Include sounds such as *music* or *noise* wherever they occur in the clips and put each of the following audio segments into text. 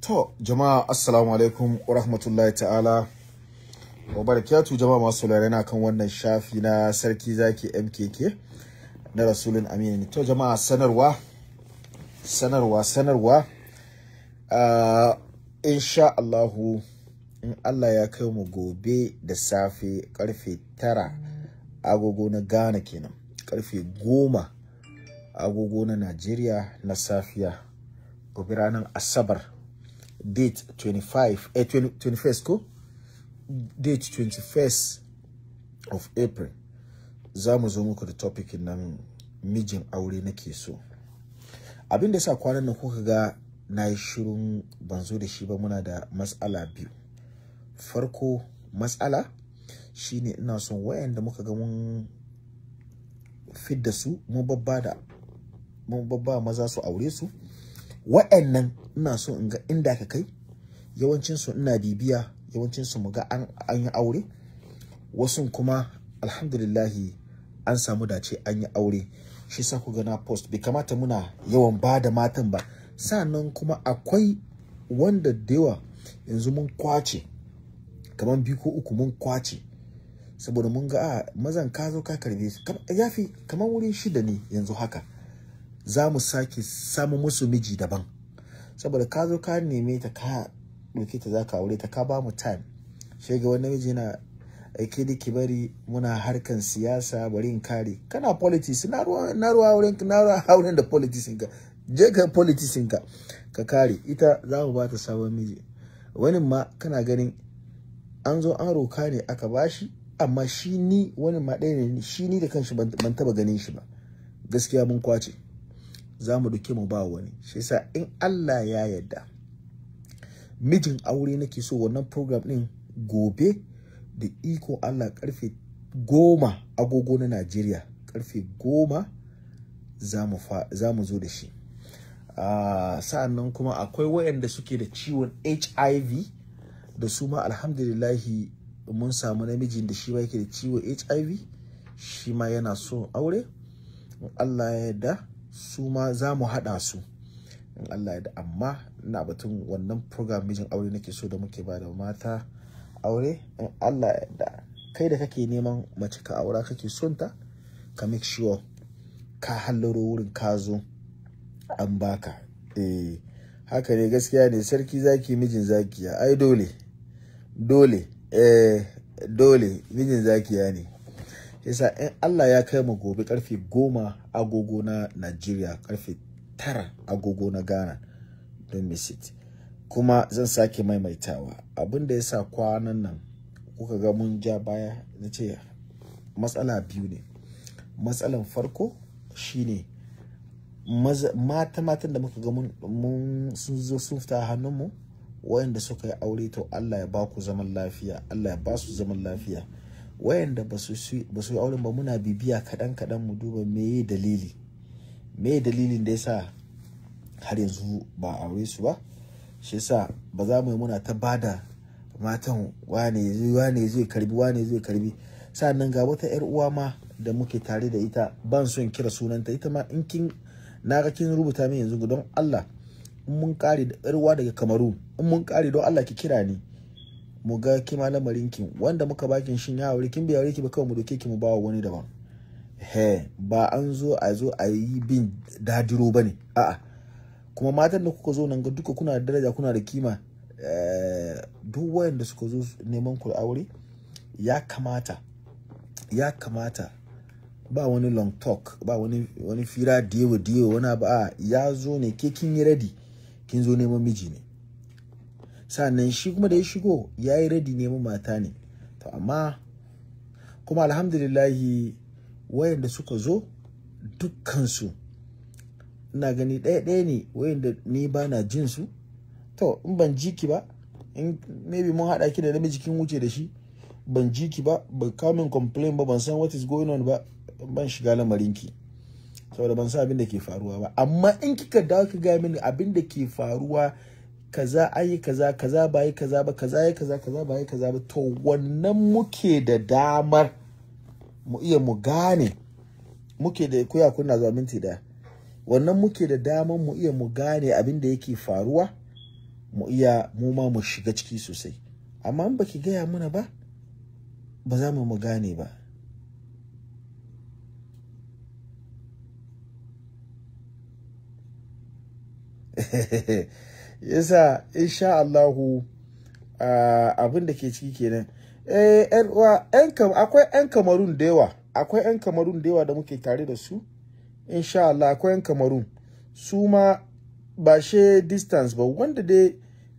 To, jama'a assalamu alaikum wa rahmatullahi ta'ala. Wa barakatu jama'a masu laurari kan wannan shafi na sarki zaki MKK na Rasulun Aminu. To, jama'a sanarwa, sanarwa, sanarwa. insha Allahu, in Allah ya kai mu gobe da safe karfe tara agogo na Ghana kenan, karfe goma agogo na Najeriya na safiya. Gobe ranar Asabar. date 25 eh, 20, 21st ko date 21st of april zamu mu zo muku da topic nan mijin aure nake so abin da sa kwanan nan kuka ga na yi shirin ban zo da shi ba muna da matsala biyu farko matsala shine ina son wayanda muka ga mun su mun babba da mun babba maza su aure su wa'annan ina so in ga inda ka kai yawancinsu ina bibiya yawancinsu mu ga an yi aure wasu kuma alhamdulillahi an samu dace an yi aure shi sa ku gana post bai kamata muna yawan ba da matan ba sannan kuma akwai wanda da yawa yanzu mun kwace kamar biyu ko uku mun kwace saboda mun ga a ah, mazan ka zo ka karbe su yafi kamar wurin shida ne yanzu haka za mu sake samu musu miji daban saboda ka zo ka neme ta ka ɗauke ta za ka aure ta ka ba mu time shi ga wani miji yana aiki da kibari bari muna harkan siyasa bari in kare kana politics na ruwa auren na hauren *laughs* da politics ka je ka politics ka ka kare ita za mu ba ta sabon miji wani ma kana ganin an zo an roka ne aka bashi amma shi ni wani ma ɗaya ne shi ni da kanshi ban taba ganin shi ba gaskiya mun kwace za mu duke mu ba wani shi yasa in Allah ya yarda mijin aure nake so wannan program din gobe da iko Allah karfe goma agogo na Najeriya karfe goma za mu zo da shi ah, sa'annan kuma akwai wayanda suke da ciwon HIV da su ma alhamdulillahi mun samu namijin da shi ma yake da ciwon HIV shi ma yana so aure Allah ya yarda su ma za mu haɗa su in Allah ya da amma ina batun wannan program mijin aure nake so da muke ba da mata aure in Allah da kai da kake neman mace ka aura kake son ta ka make sure ka halloro wurin ka zo an baka eh haka ne gaskiya ne sarki zaki mijin zakiya ai dole dole eh dole mijin zakiya ne yasa in Allah ya kai mu gobe karfe goma agogo na Najeriya karfe tara agogo na Ghana don misit kuma zan sake maimaitawa abin da yasa kwanan nan kuka ga mun ja baya na ce matsala biyu ne matsalan farko shine mata matan da muka ga mun sun zo sun fita hannunmu waɗanda suka yi aure to Allah ya ba ku zaman lafiya Allah ya ba su zaman lafiya wayanda ba su yi auren ba muna bibiya kaɗan kaɗan mu duba meye dalili meye dalilin da ya sa har yanzu ba aure su ba shi sa ba za mu yi muna ta ba da matan wane zai wane zai karbi wane zai karbi sannan ga wata yar uwa ma da muke tare da ita ban son kira sunanta ita ma in kin na ga kin rubuta min yanzu don Allah in mun kare da yar uwa daga Kamaru in mun kare don Allah ki kira ni mu ga kima lamarin ki wanda muka bakin shin ya aure kin biya wuri ki ba kawai mu doke ki mu bawa wani daban he ba an zo a zo a yi bin dadiro bane a'a kuma matan da kuka zo nan ga duka kuna da daraja kuna da kima eh, duk wayanda suka zo neman ku aure ya kamata ya kamata ba wani long talk ba wani wani fira diyewa diyewa wani abu a ya zo ne ke kin yi radi kin zo neman miji ne sannan shi kuma da ya shigo ya yi radi neman mata ne to amma kuma alhamdulillahi wayanda suka zo dukkansu ina gani ɗaya ɗaya ne wayanda ni ba na jin su to in ban ji ki ba in maybe mun haɗa ki da namiji kin wuce da shi ban ji ki ba ban kamin complain ba ban san what is going on ba ban shiga lamarin ki saboda ban san abin da ke faruwa ba amma in kika dawo ki ga mini abin da ke faruwa kaza ayi kaza kaza ba yi kaza ba kaza yi kaza kaza ba yi kaza ba to wannan muke da damar mu iya mu gane muke da koya kunna zuwa minti da wannan muke da damar mu iya mu gane abin da yake faruwa mu iya mu ma mu shiga ciki sosai amma in baki gaya mana ba ba za mu mu gane ba *laughs* yasa insha Allahu abin da ke ciki kenan eh yan uwa yan akwai yan kamarun da yawa akwai yan kamarun da yawa da muke tare da su insha Allah akwai yan kamarun su ma ba she distance ba wanda dai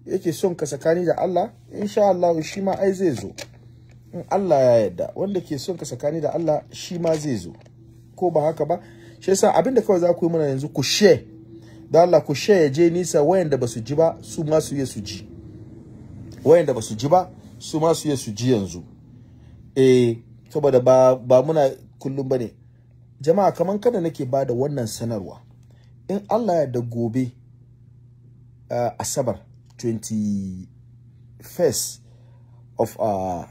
yake son ka sakani da Allah insha Allah shi ma ai zai zo in Allah ya yarda wanda ke son ka sakani da Allah shi ma zai zo ko ba haka ba shi yasa da kawai za ku yi mana yanzu ku share da Allah ku share je nisa wayanda basu ji ba su ma su yi ji wayanda ba ji ba su ma su yi ji yanzu eh saboda ba ba muna kullum bane jama'a kaman kada nake bada wannan sanarwa in Allah ya da gobe uh, asabar 21st of uh, uh,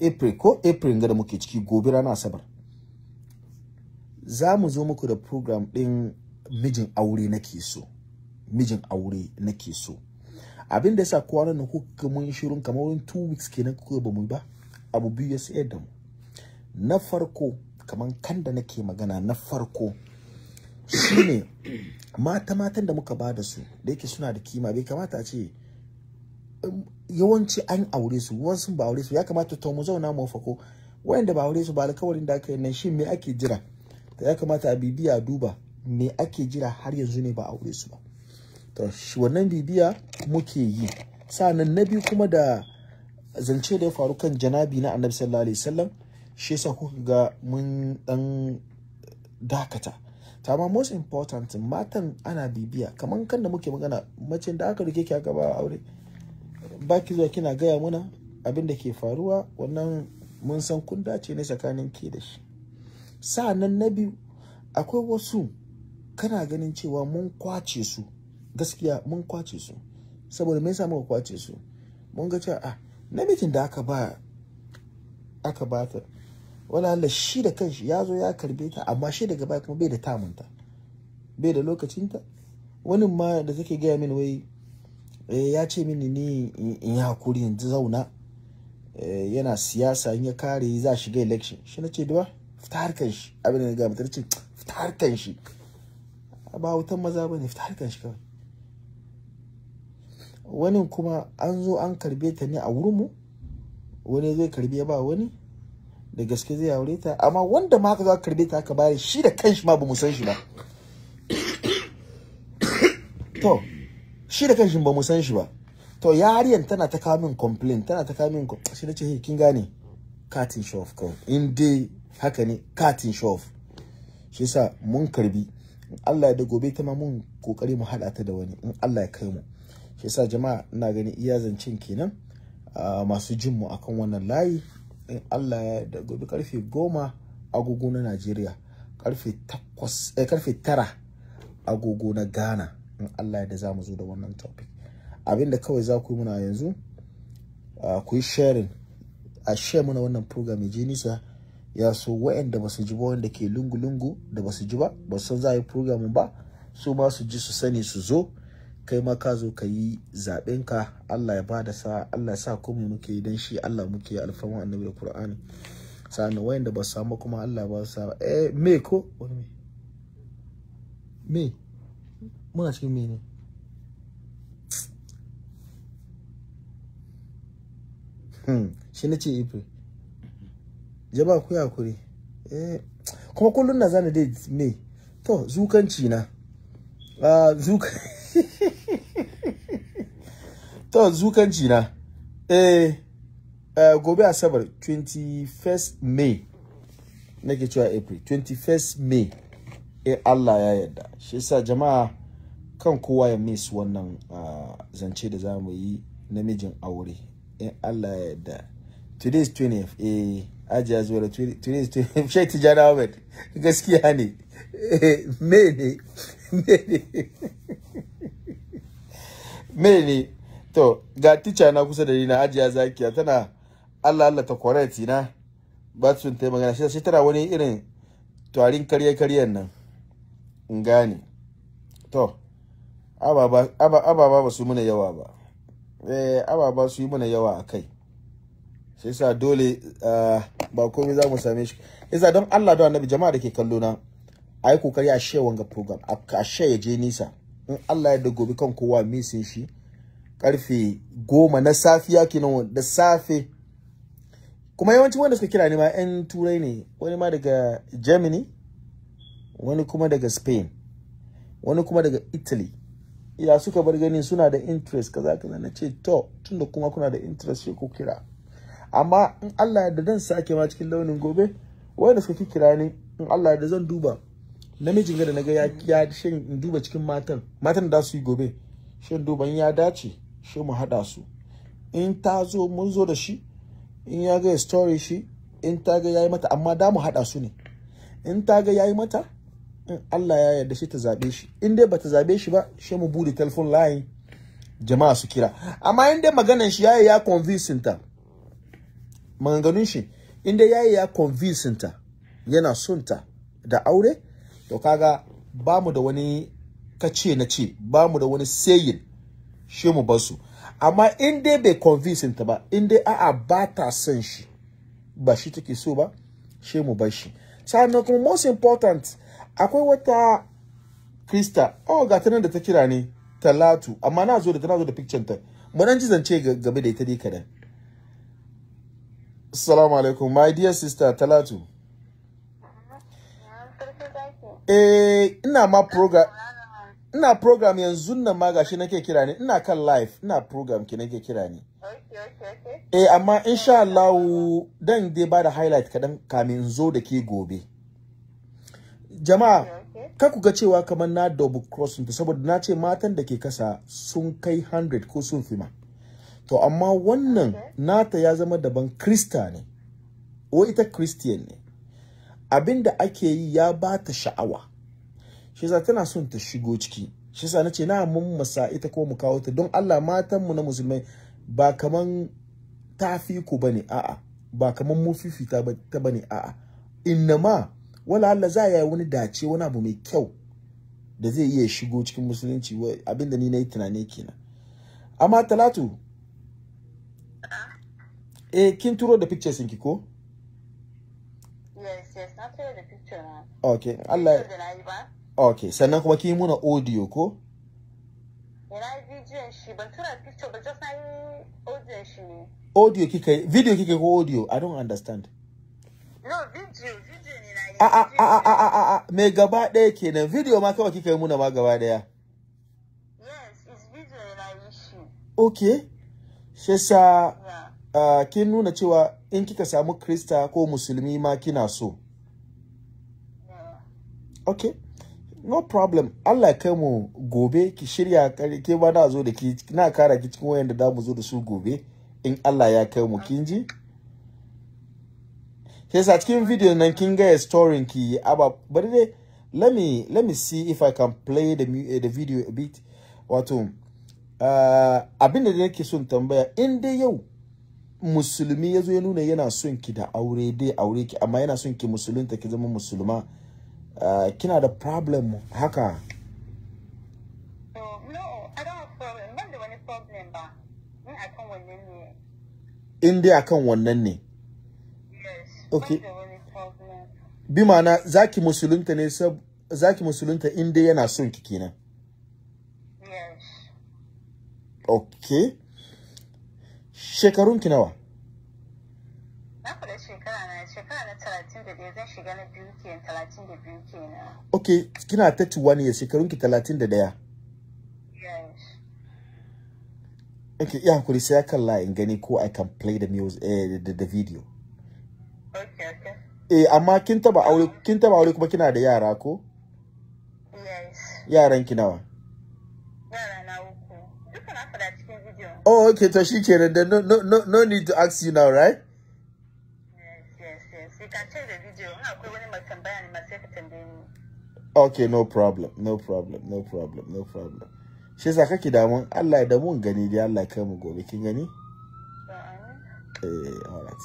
April ko April ga da muke ciki gobe ranar asabar za mu zo muku da program din mijin aure nake so mijin aure nake so abin da yasa kowa nan kuka mun shirin kamar wurin 2 weeks kenan kuka ba mu ba abu biyu ya sayar da mu na farko kamar kan da nake magana na farko shine mata matan da muka bada su da yake suna da kima bai kamata a ce um, yawanci an aure su wasu ba aure su ya kamata to mu zauna mu fako wayanda ba aure su ba alƙawarin da aka yi nan shi me ake jira ya kamata a bibiya duba me ake jira har yanzu ne ba aure su ba to shi wannan bibiya muke yi sanan na kuma da zance da ya faru kan janabi na annabi sallallahu alaihi wasallam shi yasa kuka ga mun dan dakata tama most important matan ana bibiya kamar kan da muke magana mace da aka rike ki aka ba aure baki zuwa kina gaya muna abin da ke faruwa wannan mun san kun dace ne tsakanin ke da shi sa'annan na biyu akwai wasu kana ganin cewa mun kwace su gaskiya mun kwace su saboda me yasa muka kwace su mun ga cewa ah namijin da aka ba aka bata wala Allah shi da kanshi ya zo ya karbe ta amma shi daga baya kuma bai da tamunta bai da lokacinta wani ma da take gaya mini wai eh, ya ce mini ni in yi hakuri in zauna eh, yana siyasa in ya kare za shiga election shi na ce da fita harkan shi abin da ga mutarci ce fita harkan shi ba wutan maza ba ne fita harkar shi kawai wani kuma an zo an karbe ta ne a wurinmu wani zai karbe ba wani da gaske zai aure ta amma wanda ma aka zo karbe ta ka bare shi da kanshi ma ba mu san shi ba to shi da kanshi ba mu san shi ba to yariyan tana ta kawo min complain tana ta kawo min shi nace hey kin gane katin of kawai in dai haka ne katin of shi yasa mun karbi in Allah ya da gobe ta ma mun kokari mu hada ta da wani in Allah ya kai mu shi yasa jama'a ina gani iya zancin kenan masu jin mu akan wannan layi in Allah ya da gobe karfe goma agogo na Najeriya karfe takwas eh karfe tara agogo na Ghana in Allah ya da za mu zo da wannan topic abinda kawai za ku yi muna yanzu ku yi sharing a share muna wannan program ya je nisa ya so waɗanda ba su ji ba wanda ke lungu-lungu da ba su ji ba ba san za a yi programin ba su ma su ji su sani su zo kai ma ka zo ka yi zaɓenka Allah ya ba da sa Allah ya sa kuma muke don shi Allah muke alfarma annabi da Qur'ani sa'an wayanda ba su samu kuma Allah ba su samu eh me ko wani me me muna cikin me ne hmm shi na ce ife jama'a ku hakuri eh kuma kullun na zana dai me to zukanci na ah zuka *laughs* to zukanci na eh Uh, gobe asabar 21st may nake cewa april 21st may eh allah ya yarda shi yasa jama'a kan kowa ya miss wannan uh, zance da za mu yi namijin aure in eh, allah ya yarda today is 20th eh ajiya zuwa shai tijjani ahmed gaskiya ne *laughs* mene mene *laughs* mene to ga tica na kusa da ni na ajiya zakiya tana allah allah ta kwarai na ba su ta magana shi tana wani irin tarin karye karyen nan in gane to ababa ba su muna yawa ba eh ababa su yi muna yawa a kai sai sa dole ah, ba komai za mu same shi isa don Allah don Annabi jama'a da ke kallo na ai kokari a share wanga program a share ya je nisa in Allah ya da gobe kan kowa misin shi karfe goma na safiya kenan da safe kuma yawancin wanda suka kira ni ma yan turai ne wani ma daga Germany wani kuma daga Spain wani kuma daga Italy ya suka bar ganin suna da interest kaza kaza na ce to tunda kuma kuna da interest sai ku kira amma in Allah yadda dan sake ma cikin launin gobe wanda suka kira ni in Allah yadda zan duba namijin ga da naga ya ya shin in duba cikin matan matan da su yi gobe shin duban ya dace shi mu hada su in ta zo mun zo da shi in ya ga story shi in ta ga yayi mata amma da mu hada su ne in ta ga yayi mata in Allah ya yarda shi ta zabe shi in dai bata zabe shi ba shi mu bude telephone line jama'a su kira amma in dai maganan shi yayi ya convince ta maganganun shi inda yayi ya convincing ta yana son da aure to kaga ba mu da wani kace na ce ba da wani saying shi mu bar su amma in dai bai convincing ta ba in dai a'a ba ta son shi ba shi take so ba shi mu bar shi sannan kuma most important akwai wata krista oh ga nan da ta kira ne talatu amma na zo da na zo da picture ta mu dan ji zance game da ita dai kadan Assalamu alaikum, my dear sister Talatu. Eh, ina ma program ina program yanzu nan ma gashi nake kira ne, ina kan live, ina program ki nake kira ne. Eh, amma insha Allah dan dai ba da highlight kaɗan kamin zo da ke gobe. Jama'a, ka ku ga cewa kamar na double crossing saboda na ce matan da ke kasa sun kai 100 ko sun fi ma. to amma wannan nata ya zama daban krista ne o ita christian ne abin da ake yi ya ba ta sha'awa shi za tana son ta shigo ciki shi na ce na mun masa ita ko mu kawo ta don Allah matan mu na musulmai ba kaman fi ku bane a'a ba kaman mu fifita ba ta bane a'a innama wala Allah za ya yi wani dace wani abu mai kyau da zai iya shigo cikin musulunci abin da ni na yi tunani kenan amma talatu Ah. Eh, kin turo da pictures ɗin ki ko? Yes, yes, na turo da picture na. Okay, Allah. Okay, sannan kuma kin muna audio ko? Ina bidiyon shi, ban tura picture ba, just na yi audio shi ne. Audio kika yi, video kika ko audio? I don't understand. No, video, video ne na yi. A a a a a a a me gaba ɗaya kenan, video ma kawai kika yi muna ma gaba ɗaya. Yes, it's video ne na yi shi. Okay. shesa uh, kin nuna cewa in kika samu krista ko musulmi ma kina so ok no problem Allah kai mu gobe ki shirya ke ba na zo da ki na kara ki cikin wayan da mu zo da su gobe in Allah ya kai mu kin ji yes sa cikin video nan kin ga storin ki aba bari dai let me see if I can play the eh, the video a bit wato Ah, abinda da yake son tambaya in dai yau musulmi ya zo ya nuna yana son ki da aure dai aure ki amma yana son ki musulunta ki zama musulma ah, kina da problem haka in dai akan wannan ne okay bi ma'ana zaki musulunta ne sab zaki musulunta in dai yana son ki kenan ok shekarun ki nawa na kula shekara na shekara na 31 zan shiga na biyu kenan 32 da biyu kenan ok kina 31 years shekarun ki 31 yes ɗaya Okay, yeah, kuri sai aka la in gani ko I can play the music eh, the, the the video. Okay, okay. Eh, amma kin taba aure um, kin taba aure kuma kina da yara ko? Yes. Yaran ki nawa? Oh, okay, so she can. Then no, no, no, no need to ask you now, right? Yes, yes, yes. You can change the video. Okay, no problem, no problem, no problem, no problem. She's like, okay, that one. I like ya one. gani dai Allah kai mu gobe kin gani? Uh-huh. Eh, all alright.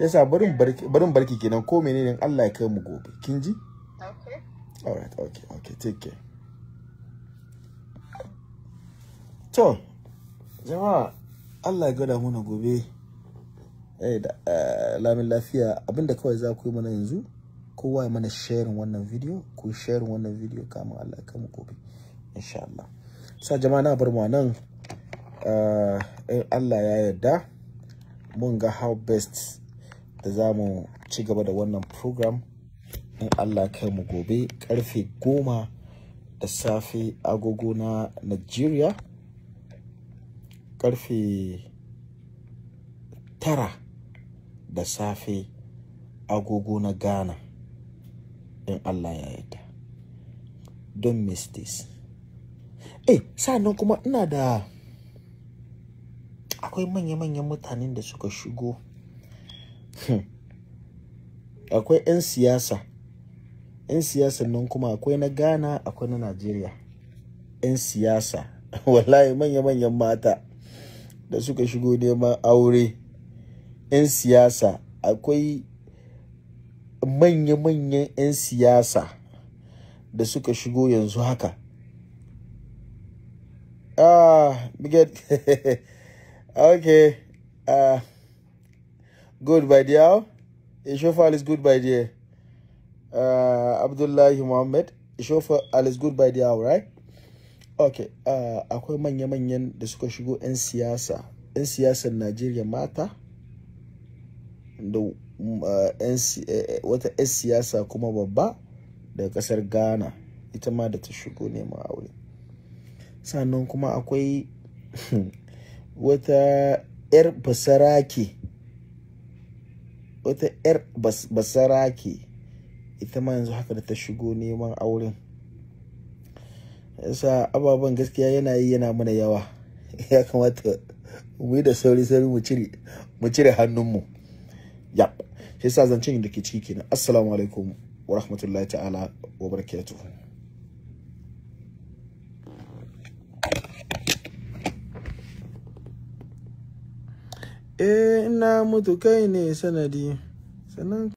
Shi yasa barin barki barin barki kenan ko menene Allah ya kai mu Go, Kin ji? Okay. All right. okay, okay. Take care. So. jama'a allah ya gada muna gobe eh, eh, lamin lafiya abinda kawai za ku yi mana yanzu kowa ya mana sharin wannan video ku sharin wannan video kamun allah ya kama gobe insha allah sa jama'a na bar mu nan eh, allah ya yarda mun ga how best da za mu ci gaba da wannan program in allah kai mu gobe karfe goma da safe agogo na nigeria karfe tara da safe agogo na ghana in allah ya yarda don miss this eh sa'annan kuma ina da akwai manya-manyan mutanen da suka shigo hmm. akwai 'yan siyasa 'yan siyasa nan kuma akwai na ghana akwai na najeriya 'yan siyasa *laughs* wallahi manya-manyan mata da suka shigo neman aure 'yan siyasa akwai manya-manyan 'yan siyasa da suka shigo yanzu haka ah biget *laughs* okay ah good by dear ishofal is good by the uh, ah, abdullahi muhammad ishofal is good by hour right ok uh, akwai manya-manyan da suka shigo 'yan siyasa 'yan siyasar najeriya mata da uh, eh, eh, wata 'yan siyasa kuma babba daga kasar ghana ita ma da ta shigo neman aure sannan kuma akwai *laughs* wata 'yar basarake wata 'yar basarake ita ma yanzu haka da ta shigo neman auren yasa ababen gaskiya yana yi yana mana yawa *laughs* ya kamata mu yi da sauri sauri mu cire mu cire hannunmu ya shi yasa zancen da ke ciki kenan assalamu alaikum wa rahmatullahi ta'ala wa barakatuh eh ina mutu kai ne sanadi sanan